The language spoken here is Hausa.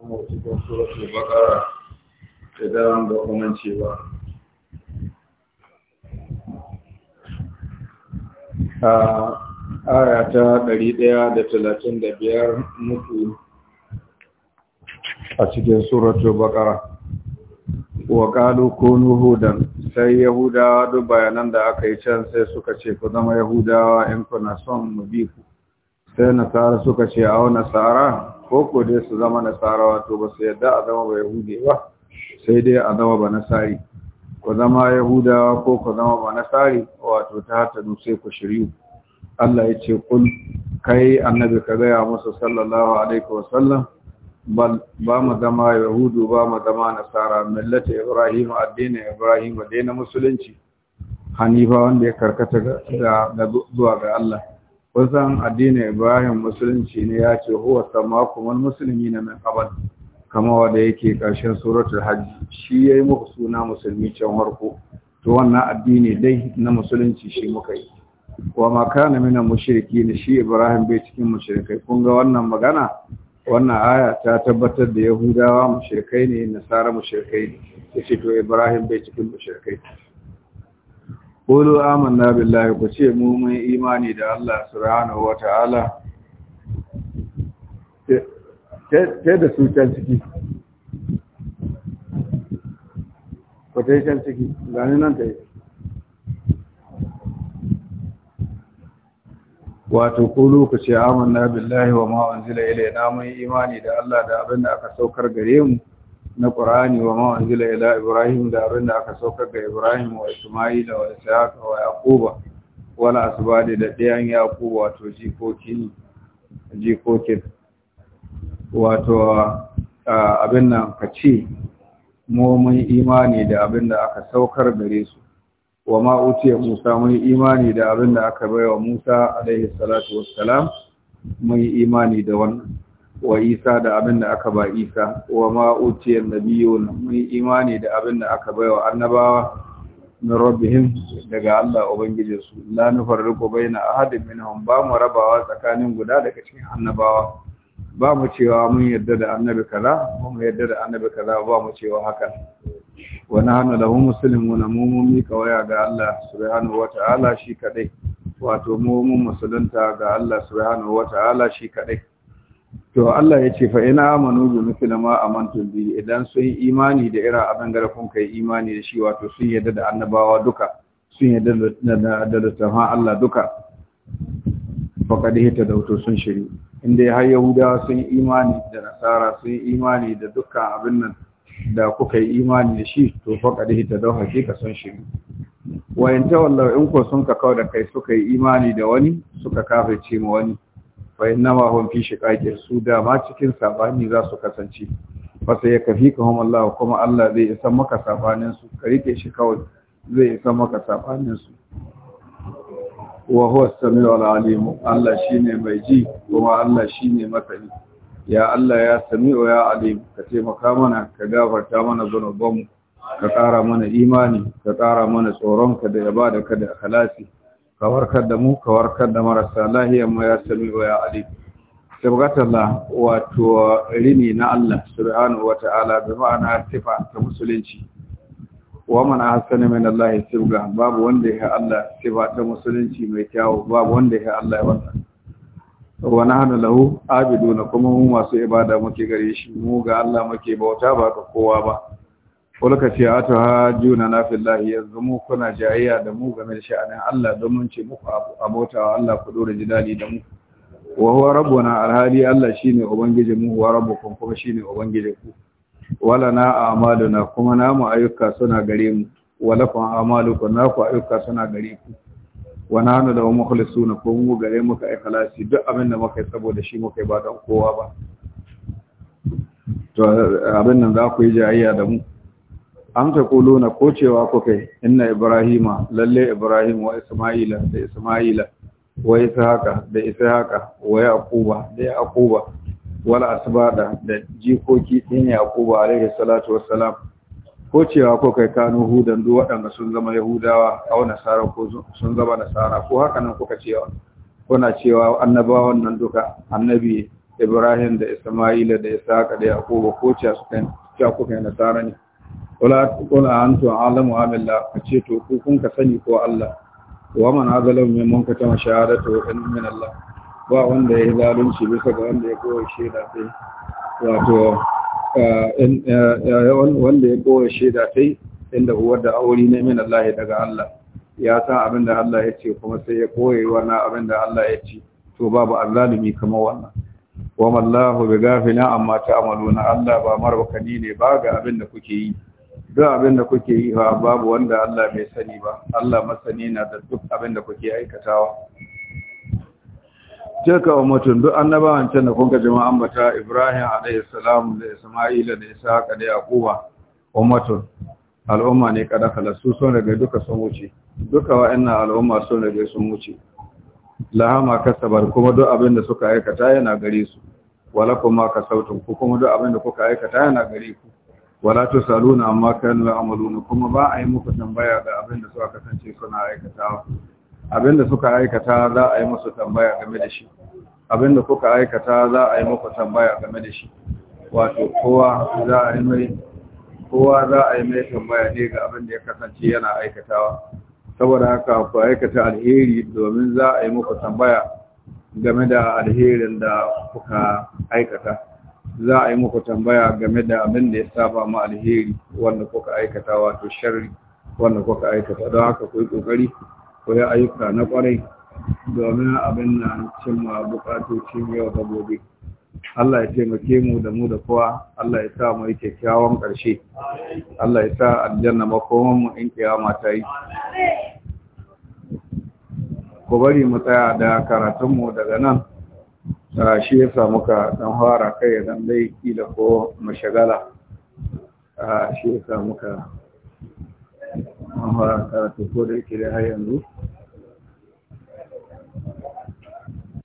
kuma cikin suratul baqara idan ba kuma cewa a aya ta 135 mutu a cikin suratul baqara wa qalu kunu hudan sai yahudawa duk bayanan da aka yi can sai suka ce ku zama yahudawa in kuna son mu bi ku sai nasara suka ce a nasara ko ko dai su zama nasarawa to ba su yadda a zama ba yahudi ba sai dai a zama ba nasari ku zama yahudawa ko ku zama ba nasari wato ta hatanu sai ku shiryu Allah ya ce kul kai annabi ka gaya musu sallallahu alaihi wa sallam! ba mu zama yahudu ba mu zama nasara millata ibrahim addinin ibrahim da na musulunci hanifa wanda ya karkata zuwa ga Allah kusan addinin ibrahim musulunci ne ya ce huwa kuma musulmi na min qabl kama wanda yake karshen suratul hajji shi yayi muku suna musulmi can harko to wannan addini dai na musulunci shi muka yi wa ma kana mushiriki ne, shi ibrahim bai cikin mushrikai kun ga wannan magana wannan aya ta tabbatar da yahudawa mushrikai ne nasara mushrikai ne ce to ibrahim bai cikin mushrikai Kulu amanna billahi ku ce mu mun imani da Allah subhanahu wa ta'ala. Te da su can ciki. Ku ta yi can ciki, gani nan ta yi. Wato, kulu ku ce amanna billahi wa ma'anzila ilai na mun imani da Allah da abin da aka saukar gare mu. na ƙur'ani, wa ma anzila ila Ibrahim da abin da aka saukar ga Ibrahim wa Isma'ila wa Ishaq wa Yaquba wal asbadi da ɗayan Yaqub wato jikokin jikokin wato abin nan ka ce mu mun imani da abin da aka saukar gare su wa ma ya Musa mun imani da abin da aka baiwa Musa alaihi salatu wassalam mun imani da wannan wa isa da abin da aka ba isa wa ma utiyar nabiyun mun imani da abin da aka baiwa annabawa min rabbihim daga Allah ubangijin su la nufarriqu baina ahadin minhum ba mu rabawa tsakanin guda daga cikin annabawa ba mu cewa mun yarda da annabi kaza ba mu yarda da annabi kaza ba mu cewa hakan da nahnu lahu muslimuna mu mun mika waya ga Allah subhanahu ta'ala shi kadai wato mu mun musulunta ga Allah subhanahu ta'ala shi kadai to Allah ya ce fa ina zuwa bi na ma amantu idan sun yi imani da irin abin da kun kai imani da shi wato sun yarda da annabawa duka sun yarda da da littafin Allah duka faqad hita da wato sun shiri inda har yahudawa sun yi imani da nasara sun yi imani da dukkan abin nan da kuka yi imani da shi to faqad hita da hakika sun shiri wayan tawallau in ko sun ka kawo da kai suka yi imani da wani suka ce ma wani fa innama hum fi shiqaqin su da ma cikin sabani za su kasance Ba sai yakfikahum Allah kuma Allah zai isa maka sabanin su ka rike shi kawai zai isa maka sabanin su wa huwa as-sami'u al-alim Allah shine mai ji kuma Allah shine masani ya Allah ya sami'u ya alim ka taimaka mana ka gafarta mana zanubanmu ka ƙara mana imani ka ƙara mana tsoronka da yaba da ka da khalasi Kawar warkar da mu kawar warkar da marasa lahiya mu ya sami waya ya ali tabbatallah wato rini na Allah subhanahu wa ta'ala bi ma'ana sifa ta musulunci wa man ahsana min Allah sibga babu wanda ya Allah sifa ta musulunci mai kyau babu wanda ya Allah ya wasa wa nahnu lahu abiduna kuma mu masu ibada muke gare shi mu ga Allah muke bauta ba ga kowa ba kulka ce a ta juna na fillahi yanzu mu kuna jayayya da mu game da sha'anin Allah don mun ce muku abota Allah ku dora jidali da mu wa huwa rabbuna alhadi Allah shine ubangijin mu wa rabbukum kuma shine ubangijin ku wala na a'maluna kuma namu ayyuka suna gare mu wala kun a'malukum ku ayyuka suna gare ku Wana nanu da mukhlisuna ko mu gare muka ikhlasi duk abin da muka yi saboda shi muka yi ba dan kowa ba to abin nan za ku yi jayayya da mu an ta kuluna ko cewa ko kai inna ibrahima lalle ibrahim wa isma'ila da isma'ila wa ishaqa da ishaqa wa yaquba da yaquba wala asbada da jikoki din yaquba alayhi salatu wassalam ko cewa ko kai kanu hudan duk waɗanda sun zama yahudawa au nasara ko sun zama nasara ko haka nan kuka cewa kuna cewa annabawan nan duka annabi ibrahim da isma'ila da ishaqa da yaquba ko cewa su kai cewa kuka nasara ne wala kula antu alamu amilla kace to ku kun ka sani ko Allah wa man azalam mimman ka tama shahadatu in min Allah ba wanda ya zalunci bisa ga wanda ya koyi shaida sai wato eh, eh, eh, wanda ya koyi shaida sai inda uwar da aure ne min Allah daga Allah ya san abin da Allah ya ce kuma sai ya koyi wani abin da Allah ya ce to babu azzalumi kamar wannan wa mallahu bi gafina amma ta'maluna Allah ba marbaka ne ba ga abin da kuke yi duk abin da kuke yi ba babu wanda Allah bai sani ba Allah masani na da duk abin da kuke aikatawa wa ummatun duk annabawan can da kuka jama'an bata Ibrahim alayhi salam da Isma'ila da Ishaqa da Yaquba ummatun al'umma ne kada kala su ne ga duka sun wuce duka wa'annan al'umma ne ga sun wuce lahama kasabar kuma duk abin da suka aikata yana gare su walakum ma kasautum kuma duk abin da kuka aikata yana gare ku wala saluna amma kanu ne kuma ba a yi muku tambaya da abin da suka kasance suna aikatawa abin da suka aikata za a yi musu tambaya game da shi abin da kuka aikata za a yi muku tambaya game da shi wato kowa za a yi mai kowa za a yi mai tambaya ne ga abin da ya kasance yana aikatawa saboda haka ku aikata alheri domin za a yi muku tambaya game da alherin da kuka aikata za a yi muku tambaya game da abin da ya saba mu alheri wanda kuka aikata wato sharri wanda kuka aikata don haka ku yi kokari ku yi ayyuka na kwarai domin abin na cimma bukatocin yau da gobe Allah ya taimake mu da mu da kowa Allah ya sa mu yi kyakkyawan ƙarshe Allah ya sa aljanna makoman mu in kiyama ta yi ku bari mu tsaya da karatun mu daga nan shi ya samu ka dan fara kai dan dai kila ko mashagala shi ya samu ka dan fara karatu ko da yake har yanzu